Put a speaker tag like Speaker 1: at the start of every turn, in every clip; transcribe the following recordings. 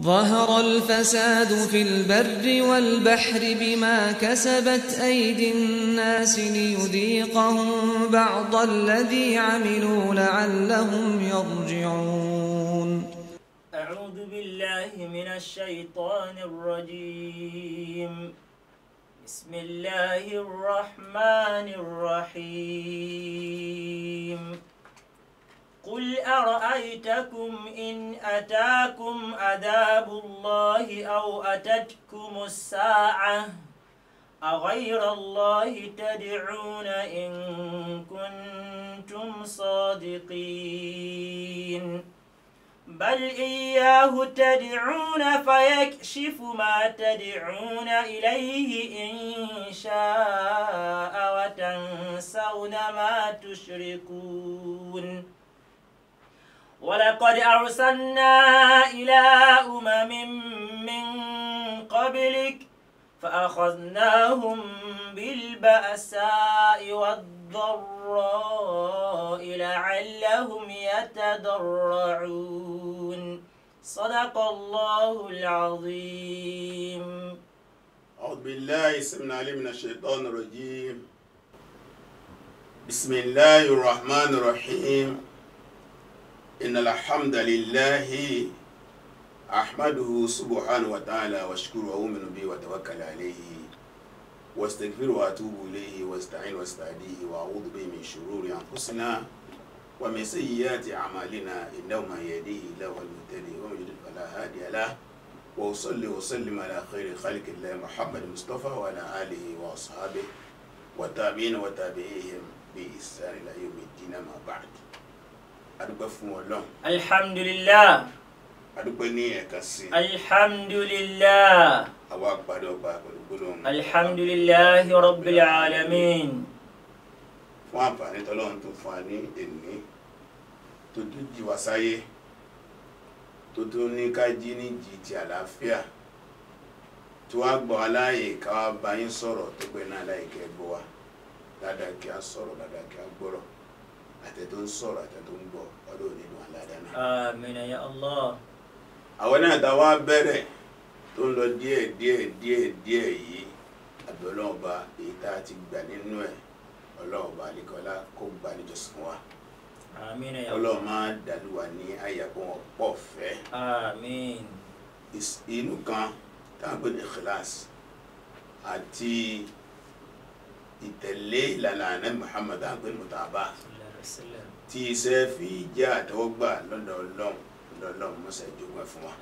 Speaker 1: ظهر الفساد في البر والبحر بما كسبت أيدي الناس ليذيقهم بعض الذي عملوا لعلهم يرجعون أعوذ بالله من الشيطان الرجيم بسم الله الرحمن الرحيم قل أرأيتكم إن أتاكم عذاب الله أو أتتكم الساعة أغير الله تدعون إن كنتم صادقين بل إياه تدعون فيكشف ما تدعون إليه إن شاء وتنسون ما تشركون ولقد أرسلنا إلى أمم من قبلك فأخذناهم بالبأساء والضراء لعلهم يتضرعون صدق
Speaker 2: الله العظيم أعوذ بالله سمنا علي من الشيطان الرجيم بسم الله الرحمن الرحيم إن الحمد لله أحمده سبحانه وتعالى وأشكره وأؤمن به وأتوكل عليه واستغفر واتوب اليه واستعين واستهديه واعوذ به من شرور انفسنا ومن سيئات اعمالنا انه من يهديه الله المهتدي ومن يضلل فلا هادي له واصلي واسلم على خير خلق الله محمد المصطفى وعلى اله واصحابه والتابعين وتابعيهم باحسان الى يوم الدين ما بعد adúpẹ́ fún ọlọ́run. alhamdulilah. adúpẹ́ ní ẹ̀kan
Speaker 1: sí. alhamdulilah.
Speaker 2: àwa àgbàdo ọba pẹ̀lú
Speaker 1: gbólóhùn. alhamdulilah rabbil alamin.
Speaker 2: fún àǹfààní tọ́lọ́run tó fún wa ní èní tó tún jí wa sáyé tó tún ní ká jí ní jí àlàáfíà tó wá gbọ́ aláàyè ká bá yín sọ̀rọ̀ tó gbẹ̀ náà láì kẹ́ gbọ́ wa dáadáa kí a sọ̀rọ̀ dáadáa kí a gbọ́rọ̀ àtẹ̀tò ń sọ̀rọ̀ àtẹ̀tò ń gbọ́ ọdún òní ló wà ládàá
Speaker 1: náà. àmìnà ya Allah.
Speaker 2: àwọn náà ta wá bẹ̀rẹ̀ tó ń lọ díẹ̀ díẹ̀ díẹ̀ díẹ̀ yìí àbí ọlọ́ọ̀ba èyí tá a ti gbà nínú ẹ̀ ọlọ́ọ̀ba àlekọ́lá kó gbà níjọsìn wa. àmìnà ya ọlọ́ọ̀ máa dàlúwà ní àyàkó wọn pọ̀ fẹ́. inú kan táwọn gbé kíláàsì àti ìtẹ̀lé ìlànà Muhammad àgbẹ̀ mùtàbà tí iṣẹ́ fi jẹ́ àtọ́gbà lọ́dọ̀ ọlọ́run lọ́dọ̀ ọlọ́run mọ́sẹ̀ jogún fún wa.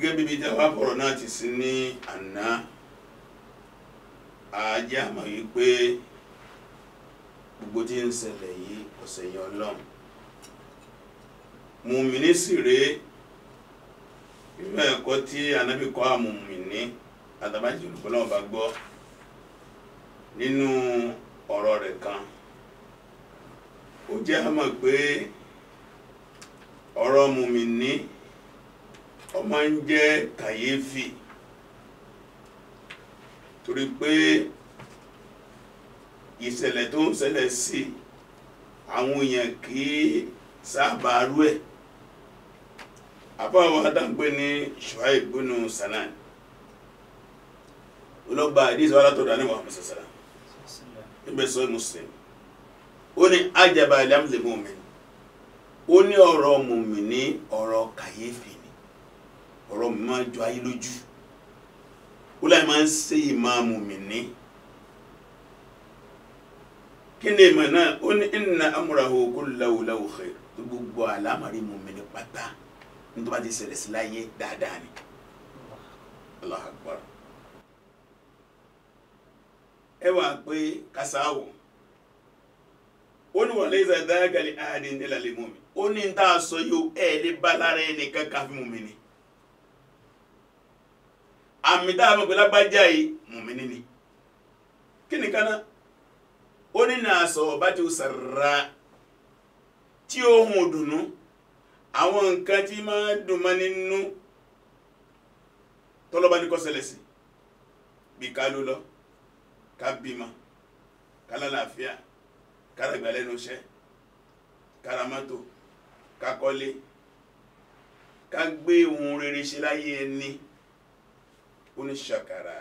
Speaker 2: gẹ́gẹ́ bíbi tí a wá bọ̀rọ̀ náà ti sí ní àná ajá mọ̀ wípé gbogbo tí ń ṣẹlẹ̀ yìí kò ṣẹ̀yìn ọlọ́run mùmíní sì rèé nínú ẹ̀kọ́ tí anábì kọ́ àmùmíní àtàbájì olùkọ́ náà bá gbọ́ nínú ọ̀rọ̀ rẹ̀ kan ó jẹ́ a pé ọ̀rọ̀ mùmíní ó máa ń jẹ́ kàyéfì torí pé ìṣẹ̀lẹ̀ tó ń ṣẹlẹ̀ sí àwọn èèyàn kì í sábà ẹ̀ àbáwọ̀ adágbé ní Shuaib bunu Sanan olóògbà àdìsí wa látọ̀dọ̀ àníwá ọmọ níbẹ̀ sọ muslim ó ní ajaba alamule mumin ó ní ọ̀rọ̀ mumin ní ọ̀rọ̀ kàyéfì ni ọ̀rọ̀ mi máa jọ ayé lójú ó láì máa ń ṣe ìmọ̀ mumin ní kí ni ìmọ̀ náà ó ní inna amúrahu kullahu lahu khair gbogbo àlámàrí mumin ní pátá nítorí bá ti ṣẹlẹ̀ sí láyé dáadáa ni Allahu ẹ wàá kasa kàsáwò ó ní wọlé ìsàdágàlì àdé nílà lè mú mi ó ní n tá sọ yóò ẹ lè bá lára ẹnìkan káfí mú mi ni àmì tá a mọ̀ pé lágbájá yìí mú mi ni kí ni kaná ó ní nà sọ ọba tí ó sàrà tí ohun òdùnnú àwọn nǹkan tí máa dùn mọ́ nínú tọ́lọ́ba ní kọ́sẹ̀lẹ̀ bí ká ló lọ ká bímọ ká lálàáfíà ká rẹ̀gbà lẹ́nu iṣẹ́ ká ra mọ́tò ká kọ́lé ká gbé ohun rere ṣe láyé ẹni ó ní ṣàkàrà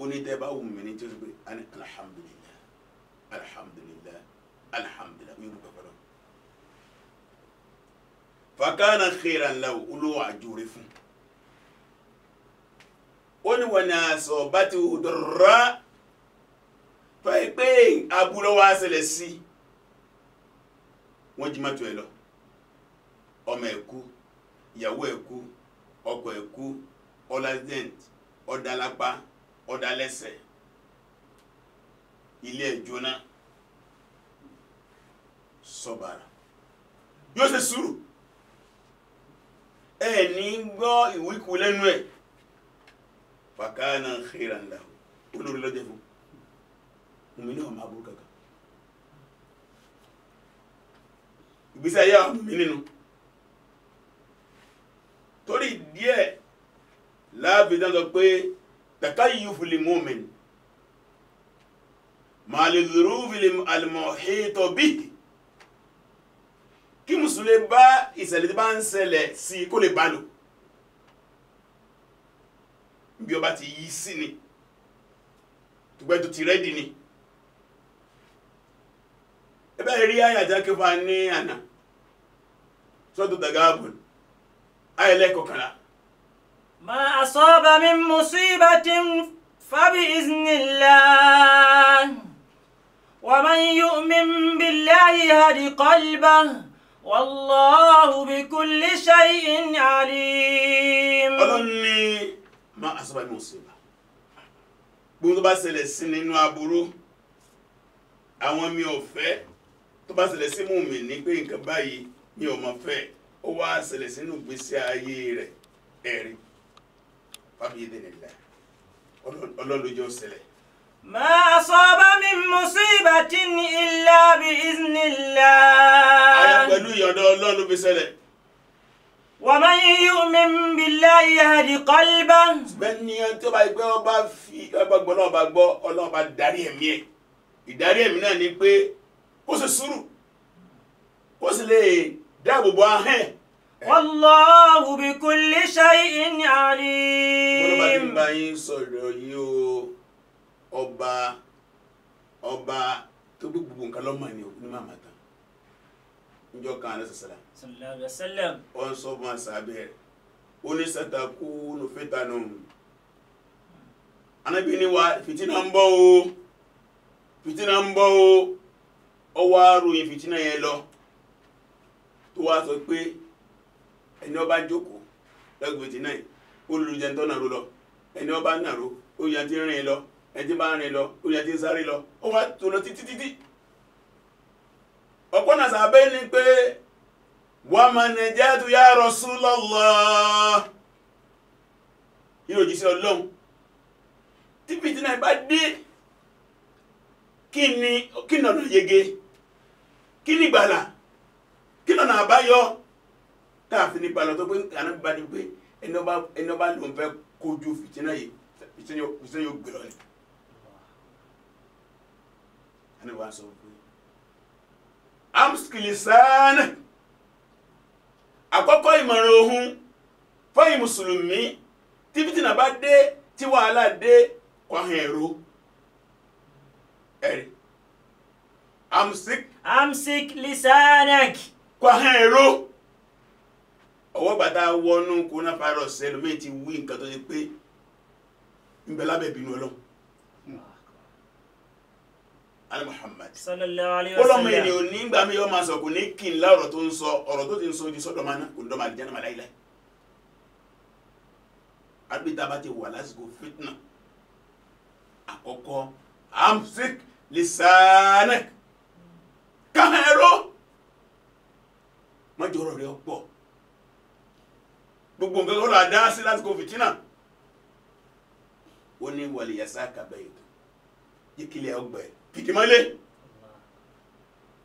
Speaker 2: ó ní tẹ́bá wù mí ní tí ó ti pé alhamdulillah alhamdulillah alhamdulillah mi fakana khairan lahu olówó àjòrè fún ó ní wọn ni àṣọ bá ti wù tó yẹ pé aburú wa ṣẹlẹ̀ sí wọ́n jí mọ́tò ẹ lọ ọmọ ẹ kú ìyàwó ẹ kú ọkọ ẹ kú ọlazident ọdalápá ọdalẹ́sẹ̀ ilé ẹ sọ́bàrà yóò ṣe sùúrù ẹ ní gbọ́ ìwíkú lẹ́nu ẹ̀ fàkánà khairan olórí lọ́jọ́ fún mùmíní wọn máa burú kankan ìgbésí ayé àwọn mùmíní nínú torí díẹ̀ láàbí dáńtọ pé tàkà yìí fìlì mọ́mìn màálùdúró fìlì àlùmọ̀hìtọ̀ bíi kí mùsùlùmí bá ìṣẹ̀lẹ̀ tí bá ń ṣẹlẹ̀ sí kó lè bá lò bí ọba ti yí sí ni tùgbẹ́ tó ti rẹ́dì ni ebe ri aya ta ke fa ni ana so to daga bun ay le ko kala
Speaker 1: ma asaba min musibatin fa bi iznillah wa man yu'min billahi hadi qalbahu wallahu bi kulli shay'in alim ọlọ́run
Speaker 2: ma asaba min musiba gbogbo tó bá sí nínú aburú àwọn mi ò fẹ́ tó bá ṣẹlẹ̀ sí mùmí ní pé nǹkan báyìí mi ò mọ̀ fẹ́ ó wá ṣẹlẹ̀ sínú ìgbésí ayé rẹ̀ ẹ̀rí fábíyé dè nílẹ̀ ọlọ́lójó ṣẹlẹ̀. ma
Speaker 1: asaba min musibatin illa bi iznillah. àyà pẹ̀lú
Speaker 2: ìyọ̀dọ̀ ọlọ́run fi ṣẹlẹ̀. wa man yu'min billahi yahdi qalban. bẹ́ẹ̀ ni ẹni tó bá gbẹ́ ọba fi ọba náà bá gbọ́ ọlọ́run darí ẹ̀mí ẹ̀ ìdarí ẹ̀mí náà ni pé kó sì sùúrù kó sì lè dáàbò bo ahẹ́. wallahu bi kulli shay'in alim. wọ́n bá ti bá yín sọ̀rọ̀ yìí o ọba ọba tó gbé gbogbo nǹkan lọ́mọ ni òkú ní màmá tán njọ kan alẹ́ sàlá. sallallahu alaihi wasallam. wọ́n sọ fún àṣàbẹ̀ ó ní sàtàkù nùfẹ́ta nù. anábìíní wa fìtínà ń bọ̀ o fìtínà ń bọ̀ o. ọ wá ròyìn fìtínà yẹn lọ tó wá sọ pé ẹni ọba jókòó lọ́gbọ̀n fìtínà yìí olùjẹ tó lọ ẹni ọba nàró olùjẹ ti rìn lọ ẹni tí bá ń rìn lọ olùjẹ tí ń sáré lọ ó wá lọ títí títí ọ̀pọ̀ náà sábẹ́ ni pé wọ́n máa sí ọlọ́run tí bá dé kí ni yege. kí ni ìgbàlà kí lọ́nà àbáyọ káàfin ní ìgbàlà tó pé ànábì bá di pé ẹni ọba lòun fẹ́ kojú fìtínà yìí fìtínà yóò gbé lọ ni. ànábì wa sọ pé amskili sáánà àkọ́kọ́ ìmọ̀ràn ohun fẹ́yìn mùsùlùmí tí fìtínà bá dé tí wàhálà dé kọ́ hàn ẹ̀rọ amsik amsik lisanak. kó ahọ́n ẹ̀ ró ọwọ́ bàtà wọnú coronavirus ẹlòmíì ti wí nǹkan tó ṣe pé ń bẹ lábẹ́ ìbínú ali muhammad
Speaker 1: kọlọmọ yìí
Speaker 2: nígbà mi yọ ma sọ kò ní kí n la tó ń sọ ọ̀rọ̀ tó ti ń sọ ti sọ dọ ma na kò dọ ma di jẹnama láyìí láyìí àbí daba ti wà lásìkò fitna àkọ́kọ́ amsik lisanek rẹ̀ pọ̀ gbogbo nǹkan ló là dá sí lásìkò fìtínà ó ní wàlìyàsá kàbẹ́yì yíkìlẹ̀ ọgbẹ́ fìdímọ́lé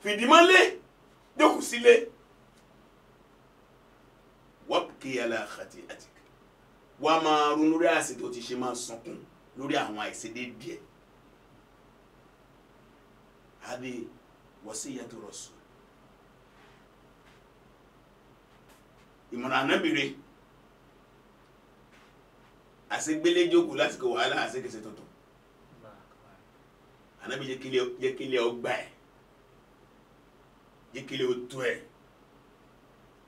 Speaker 2: fìdímọ́lé jókòó sílé wọ́pùkì aláàkàtì àti wàá máa ronú lórí àṣẹ tó ti ṣe máa sunkún lórí àwọn àìṣedéédéé. Hadi wasiyatu rasul ìmọ̀ràn anábìrè àṣegbélé jókòó lásìkò wàhálà àṣekèsè tuntun anábì jẹ́ kílẹ̀ ọgbà ẹ̀ jẹ́ kílẹ̀ otu ẹ̀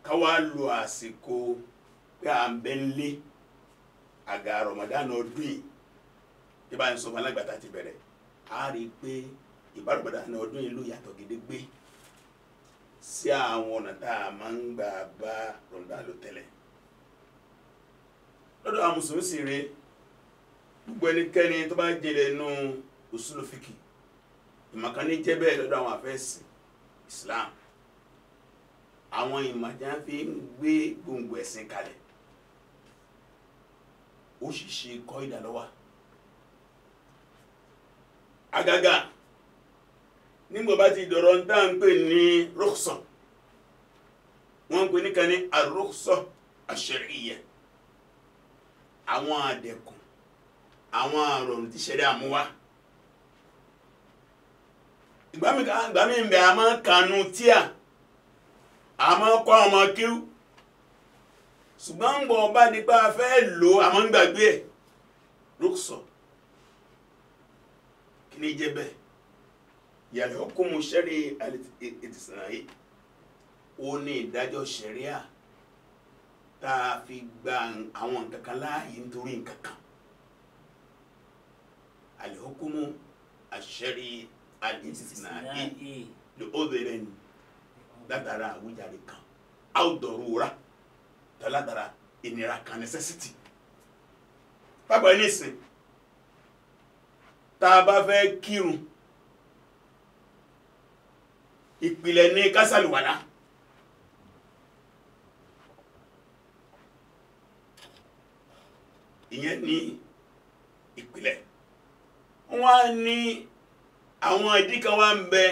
Speaker 2: káwá lo àsìkò pé à ń bẹ́ nlé àga Ramadan ọdún yìí bí bá ń sọ fún alágbàtà ti bẹ̀rẹ̀ a rí i pé ìbá Ramadan ọdún yìí ló yàtọ̀ gédégbé. sị àwọn ọ̀nà tá a máa ń gbà bá tẹ́lẹ̀ lọ́dọ̀ àwọn mùsùlùmí sì gbogbo ẹnikẹ́ni tó bá jẹlẹ̀ nù usulufiki ìmọ̀kànnì jẹ́ bẹ́ẹ̀ lọ́dọ̀ àwọn àfẹ́sì Islam àwọn ìmọ̀já fi ń gbé gbòǹgbò ẹ̀sìn kalẹ̀ ó sì nígbà bá ti dọ̀rọ̀ ń tàn pé ní rukhsa wọ́n ń pè níkan ní ar-rukhsa ash-shar'iyya àwọn àdẹ̀kùn àwọn àrọ̀rùn ti ṣẹ̀dá àmúwá ìgbàmí ń bẹ a máa kanu tíà a kọ́ ọmọ kíw ṣùgbọ́n ń bọ̀ ọba nípa fẹ́ lò àmọ́ ń gbàgbé ẹ̀ rukhsa kí ni jẹ́ bẹ́ẹ̀ yàrá hukumu ṣẹ́rí ìtìsànàyí ó ní ìdájọ́ ṣẹ̀ríà tá a fi gba àwọn nǹkan kan láàyè nítorí nǹkan kan alihukumu aṣẹ́rí ìtìsànàyí ló obìnrin ni látara àwùjáde kan àwùdọ̀rúra tọ́látara ìnira kan necessity pápá ẹni sìn tá a bá fẹ́ kírun ìpìlẹ̀ ní kásàlùwàlá ìyẹn ní ìpìlẹ̀ wọ́n ní àwọn ìdí kan wá ń bẹ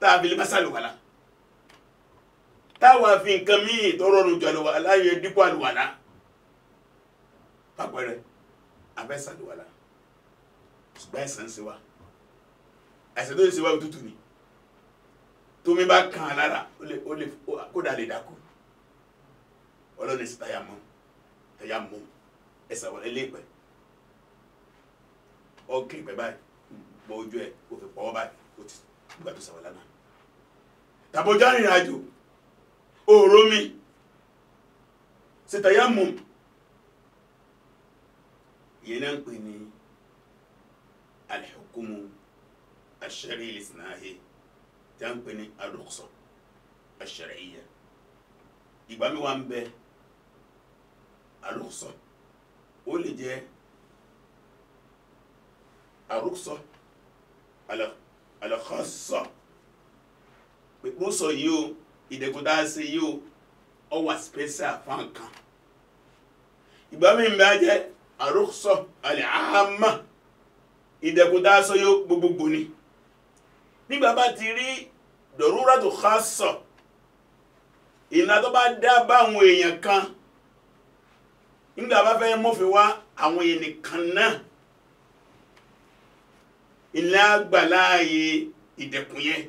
Speaker 2: tàbílì kásàlùwàlá táwà fi nǹkan míì tó rọrùn jù àlùwàlá yẹ dípò àlùwàlá pàpẹrẹ abẹ́sàlùwàlá ṣùgbọ́n ẹ̀sán sí wa ẹ̀sán tó ń sí wa tútù ni tómi bá kàn án lára ó lè kódà lè dákú ọlọ́ni sí tàyà mọ́ tàyà mọ́ ẹsẹ̀ wọlé léèpẹ́ ọ̀gẹ̀ ìpẹ́ báyìí bọ́ ojú ẹ̀ kò fi pọ́wọ́ báyìí ó ti gbà tó sàwọ́lá náà tàbójá rìnrìn àjò òòró mi sí mọ́ yẹn náà ń pè ní alihukumu asẹ́rí ìlísìnnáhìí tí a ń pè ní al-rukhsa al-shar'iyya ìgbà mi wà ń bẹ al-rukhsa ó lè jẹ al-rukhsa al-khassa pé mo sọ yìí o ìdẹ̀kùn yìí o ọ wà special fáwọn kan ń bẹ jẹ al-rukhsa al yìí o gbogbogbò ni nígbà bá ti rí dọ̀rúra tó ká sọ ìlànà tó bá dá báwọn èèyàn kan nígbà bá fẹ́ mọ́fin wá àwọn èèyàn nìkan náà ilé àgbàláàyè ìdẹ̀kùn yẹn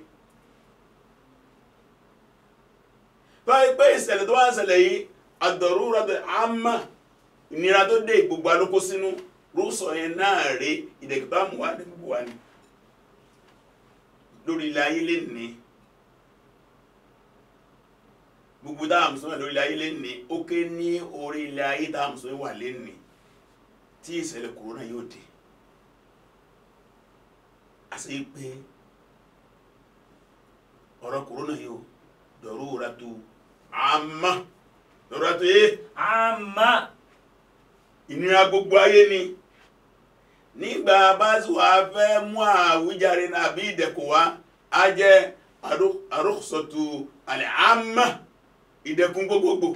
Speaker 2: báyìí pé ìṣẹ̀lẹ̀ tó wá ṣẹlẹ̀ yìí àdọ̀rúra tó àmà ìnira tó dé gbogbo alókó sínú rúùsọ̀ yẹn náà rí ìdẹ̀kùn bá mú wá ní gbogbo wa ni lórí ilé ayé lè ní gbogbo táwọn mùsùlùmí lórí ilé ayé lè ní ó ké ní orí ilé ayé táwọn mùsùlùmí wà lè ní tí ìṣẹ̀lẹ̀ kòrónà yóò dé àti pé ọ̀rọ̀ kòrónà yóò dọ̀rúra tó àmà dọ̀rúra tó yé àmà ìnira gbogbo ayé ni nígbà bá sì wá fẹ́ mú àwíjàre náà bí ìdẹ̀kùn wá á jẹ́ àrùsọ̀tù àlẹ́ àmà ìdẹ̀kùn gbogbogbò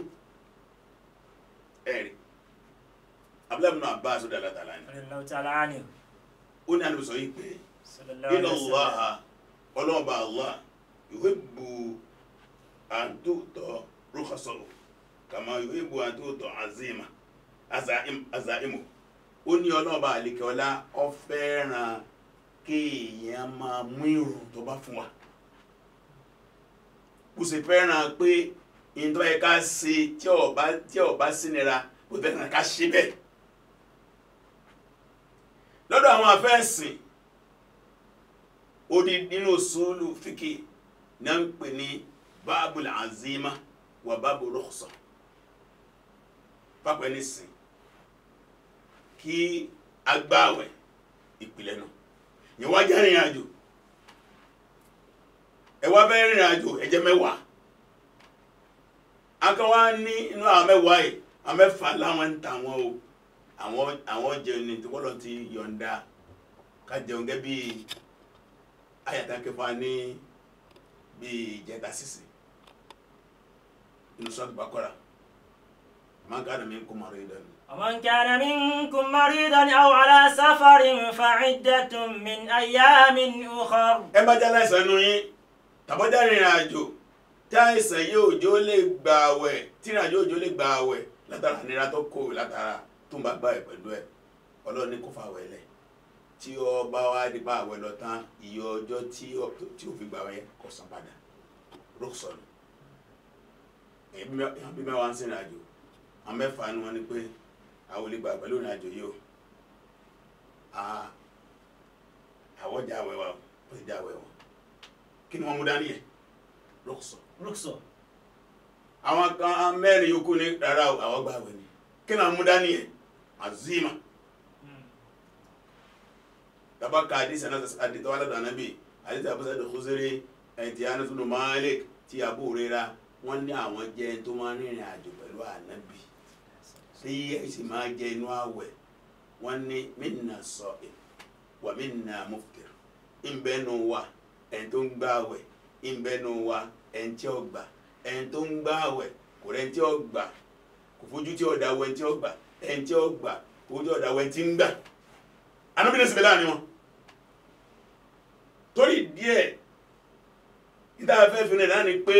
Speaker 2: ẹ̀rí abdullahi ibn abbas ọdọ alatala ni ó ní alùsọ yìí pé inna Allaha ọlọ́ọ̀bà allah yuhibbu an tu'ta rukhasahu kama yuhibbu an tu'ta azima azaimu ó ní ọlọ́ọ̀bà àlekẹ́ọ́lá ó fẹ́ràn kéèyàn máa mú ìrùn tó bá fún wa kò sì fẹ́ràn pé ìtọ́ ẹ ká ṣe tí ọba tí ọba sínira kò fẹ́ràn ká ṣe bẹ́ẹ̀ lọ́dọ̀ àwọn afẹ́sìn ó nínú sùúlù fíkì náà ń pè ní báàbùl àzímà wà báàbù rukhsa pápẹ́ nísìn kí a gbààwẹ̀ ìpìlẹ̀ nù yẹn wá jẹ́ rìnrìn àjò ẹ wá fẹ́ rìnrìn àjò ẹ jẹ́ mẹ́wàá akọ́ wa ní inú àwọn mẹ́wàá yìí àwọn mẹ́fà láwọn ń ta wọn o àwọn àwọn jẹun ní tí ti yọ̀ǹda ká jẹun gẹ́ bíi ayàtà kẹfà ní bíi ìjẹta sísè inú sọ́ọ̀tù bá kọ́ra máa ká àdàmí kó mọ̀ ọ́ rẹ̀ dànù.
Speaker 1: ومن كان منكم مريضا أو على سفر فعدة من أيام أخر
Speaker 2: ẹ bá jẹ́ aláìsàn nínú yín tàbí ó jáde ìrìn àjò tí àìsàn yìí òjò lè gba àwẹ̀ tí ìrìn àjò òjò lè gba àwẹ̀ látara ìnira tó kó látara tó ń bá gbà ẹ̀ pẹ̀lú ẹ̀ ọlọ́run ní kó fa àwẹ̀ lẹ̀ tí ó bá wá nípa àwẹ̀ lọ tán iye ọjọ́ tí ó fi gbà wẹ̀ kó san padà rọ́ọ̀sọ̀nù ẹ̀yìn bí mẹ́wàá ń sìn ìrìn àjò àmẹ́fà ni wọ́n ní pé àwọn olè gbàgbé lórí àjò yìí o àwọn ìjà àwẹ̀ wa o ó ti dá àwẹ̀ wọn kí ni wọ́n mú dání yẹn rọ́ọ̀sọ. rọ́ọ̀sọ. àwọn kan mẹ́rin yòókù ní rárá àwọn gba àwẹ̀ ni kí ni wọ́n mú dání yẹn azima. daba hmm. ka adi sẹ́nà adi tọ́wọ́ aládùn ànábì adi tàbí sẹ́dọ̀ kúzẹ́rẹ́ ẹ̀tì anatunu malik ti Abu Huraira wọ́n ní àwọn jẹ́ tó máa rìnrìn àjò pẹ̀lú ànábì ṣé ẹsì máa jẹ inú àwẹ̀ wọ́n ní minna sa'im wa minna muftir ìbẹ́nu wa ẹni tó ń gbà àwẹ̀ ìbẹ́nu wa ẹni tí ó gbà ẹni tó ń gbà àwẹ̀ kò rẹ̀ ẹni tí ó gbà kò fojú tí ó da wọ ẹni tí ó gbà ẹni tí ó gbà kò fojú ọ̀dà wọ ẹni tí ń gbà anábìnrin sì bẹ wọn torí díẹ̀ níta fẹ́ fi rẹ̀ náà pé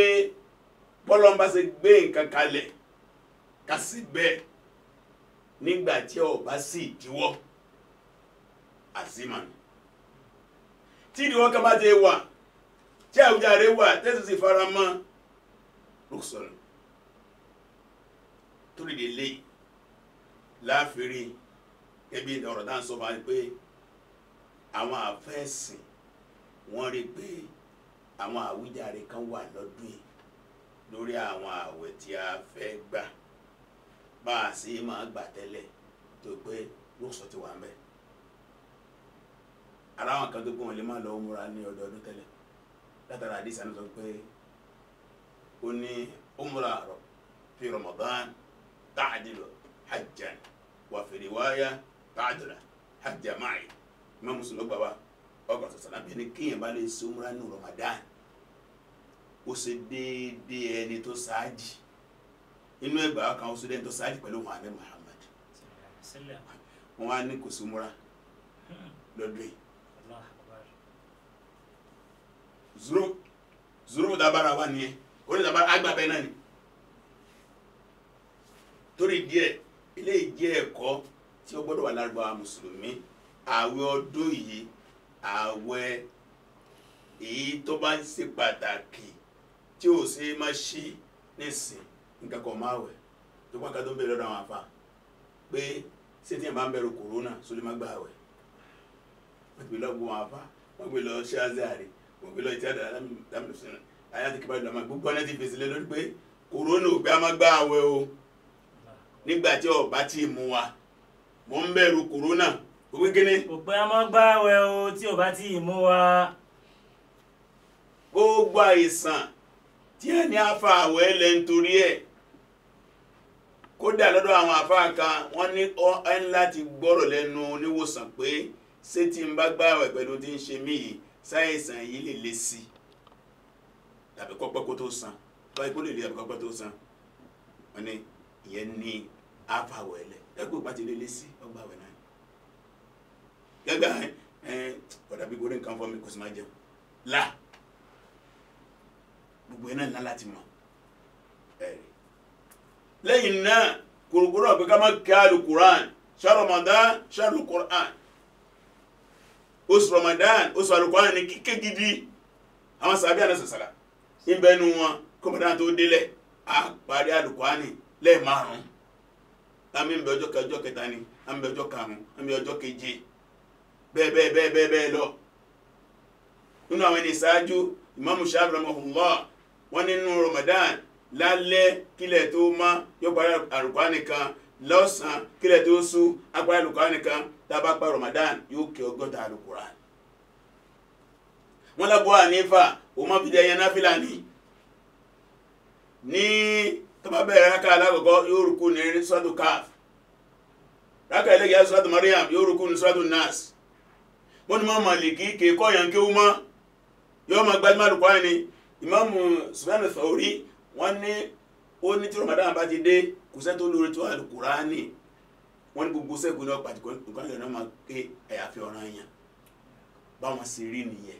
Speaker 2: bọ́lọ́mbà ṣe gbé nǹkan kalẹ̀ kà bẹ́ẹ̀ nígbà tí ọba sì díwọ́ àzìmọ̀ tí ìdíwọ́ kan bá ti wà tí àwùjọ rẹ wà tẹ́sí sì fara mọ́ rúkṣọ̀nù tó lè lè láàfin ẹbí ọ̀rọ̀ tá à ń sọ fún wa pé àwọn àfẹ́sìn wọ́n rí pé àwọn àwíjàre kan wà lọ́dún yìí lórí àwọn àwẹ̀ tí a fẹ́ gbà. bá a sì máa gbà tẹ́lẹ̀ tó pé rúkṣọ ti wà ń bẹ̀ ara àwọn kan tó gbọ́n lè máa lọ múra ní ọdọọdún tẹ́lẹ̀ látara àdìsá sọ pé ó Ramadan ma'i ìmọ̀ mùsùlùmí ọgbà wa ọgbà kéèyàn bá lè ní ó ṣe déédéé inú ẹgbàá kan oṣù dẹ́ntọ́ sáájì pẹ̀lú muhammed muhammed wọn á ní kò sí múra lọ́dún yìí zoro zoro dabara wa nìyẹn orí dabara agba bẹ́ẹ̀ náà ni torí díẹ̀ ilé ìjẹ́ ẹ̀kọ́ tí ó gbọ́dọ̀ wà lárúbáwá mùsùlùmí àwẹ̀ ọdún yìí àwẹ̀ èyí tó bá ń ṣe pàtàkì tí ò ṣe é má ṣí nísìnyí nǹkan kan máa wẹ̀ tó pọ́n ká tó ń bẹ̀rẹ̀ lọ́dọ̀ àwọn àfa pé ṣé tí yẹn bá ń bẹ̀rù kòrónà só lè má gbà wẹ̀ wọ́n ti gbé lọ́gbọ́ àwọn àfa wọ́n gbé lọ ṣé azari wọ́n gbé lọ ìtí àdàlà lámìlú sínú ayé àti kíkọ́ ìdàmà gbogbo ọ̀nà ti fèsì lé lórí pé kòrónà ò gbé gbà wẹ̀ o nígbà tí ọba ti mú wa mo ń bẹ̀rù kòrónà gbogbo kíni. kò pé gbà wẹ̀ o tí ọba ti mú wa. gbogbo àìsàn kódà lọ́dọ̀ àwọn àfáà kan wọ́n ní ọ́n láti gbọ́rọ̀ lẹ́nu oníwòsàn pé ṣé tí ń bá gbààwẹ̀ pẹ̀lú tí ń ṣe mí yìí sáyẹ̀sàn yìí lè le sí tàbí kọ́pẹ́ kó tó san tọ́yẹ kó lè le tàbí kọ́pẹ́ tó san wọ́n ní ìyẹn ní àfàwọ̀ ẹ̀lẹ̀ ẹgbẹ́ òpá ti lè le sí ọgbà àwẹ̀ náà gẹ́gẹ́ ẹ ọ̀dà bí gorí nǹkan fọ́mi kò sì máa jẹun là gbogbo iná ńlá láti lẹ́yìn náà kòròkòrò náà pé ká má ka alukuran ṣá Ramadan ṣá alukuran oṣù Ramadan oṣù alukuran ní kíké gidi àwọn sàbí àná sàsàlà ìbẹnu wọn kọmọdán tó délẹ̀ àparí alukuran lẹ́ẹ̀márùn-ún àmì ń bẹ ọjọ́ kẹta ni àmì ọjọ́ karùn-ún àmì ọjọ́ keje bẹ́ẹ̀ bẹ́ẹ̀ bẹ́ẹ̀ bẹ́ẹ̀ bẹ́ẹ̀ lọ nínú àwọn ẹni Imam wọn nínú Ramadan lálẹ́ kílẹ̀ tó mọ́ yóò parí àlùkò nìkan lọ́sàn-án kílẹ̀ tó agbára nìkan tábà pa Ramadan yóò kí ọgọ́ta al wọ́n lábọ́ ànífà òun máa fi dẹ́yẹn náfìlà ní. ní tọ́ba bẹ̀rẹ̀ rákà alákọ̀ọ́kọ́ yóò rúkú ní sọ́dún káf sọ́dún Mariam yóò rúkú ní sọ́dún nas wọ́n ní mọ́ màlìkì kéèkọ́ mọ́ wọ́n ní Ramadan bá ti dé kò sẹ́ tó lórí tó gbogbo sẹ́gun náà pàtìkọ nǹkan ìrìn náà máa ké àyàfi ọ̀ràn yẹn báwọn ṣe rí nìyẹn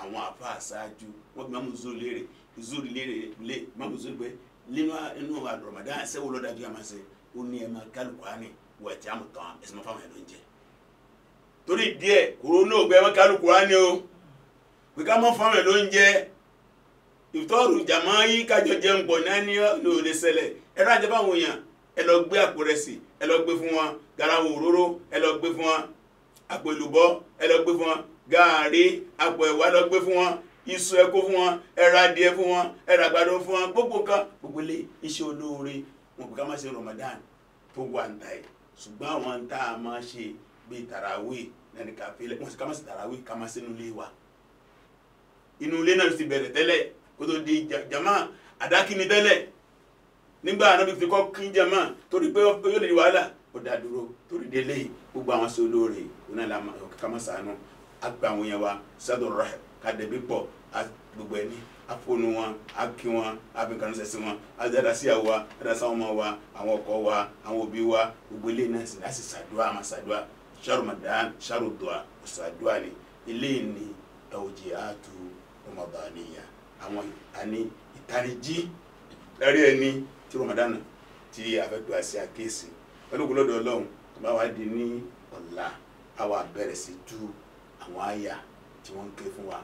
Speaker 2: àwọn àfa àṣáájú mamu zoro lere zoro léèrè lé mamu nínú inú Ramadan sẹ́wó lọ́dájú àmà ṣe ó ní ẹ máa ké alukurani wọ̀ ẹ̀tí àmọ̀ tán fáwọn ẹ̀ ń jẹ torí o ìtọ́rù jàmọ́ yìí kájọ jẹun pọ̀ náà ní òde ṣẹlẹ̀ ẹ rájọ báwọn èèyàn ẹ lọ gbé àpò rẹ̀ sí ẹ lọ gbé fún wọn garawo òróró ẹ lọ gbé fún wọn àpò èlùbọ́ ẹ lọ gbé fún wọn gààrí àpò ẹ̀wà lọ gbé fún wọn iṣu ẹ fún wọn ẹ adìẹ fún wọn ẹ àgbàdo fún wọn gbogbo kan gbogbo lé iṣẹ́ olóore wọn kò ká má ṣe Ramadan tó wà ń ta ẹ ṣùgbọ́n àwọn ń tá a máa ṣe bíi tàràwé nàní kàfé wọn sì ká má ṣe tàràwé ká má ṣe inú ilé wa inú ilé náà ti bẹ̀rẹ̀ tẹ́lẹ̀ kó tó di jama àdákìní tẹ́lẹ̀ nígbà anábì fi kọ́ kí jama torí pé yóò lè di wàhálà ó dá dúró torí délé gbogbo àwọn sí olóore oná la kama sànú àgbà àwọn wa sádùn rẹ ká dẹbi pọ gbogbo ẹni afonu wọn aki wọn abinkanisẹsi wọn adarasi àwa adarasi àwọn ọmọ wa àwọn ọkọ wa àwọn òbí wa gbogbo ilé náà sì láti ṣàdúrà àmà sharu ṣàrò màdán ṣàrò dùà ṣàdúrà ni ilé ni ẹwùjì àtú ọmọbàníyà àwọn àní ìtanijí lárí ẹni tí Ramadan ti àfẹ́tò àṣẹ àkíyèsí pẹ̀lú Ọlọ́run tó bá wá di ní ọ̀la àwa bẹ̀rẹ̀ sí tú àwọn àyà tí wọ́n ń ké fún wa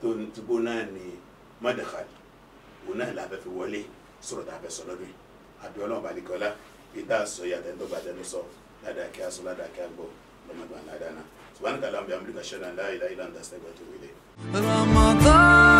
Speaker 2: tó ti gbó náà ní madakhal òun náà la fi wọlé sọ̀rọ̀ tá a fẹ́ sọ lọ́dún yìí àbí Ọlọ́run balikọ́lá ìta sọ yàtẹ̀ tó bàtẹ́ ló sọ ládàá kí a sọ ládàá kí a gbọ́ lọ́mọdún àládàá náà subhanaka Allahumma bihamdika ashhadu an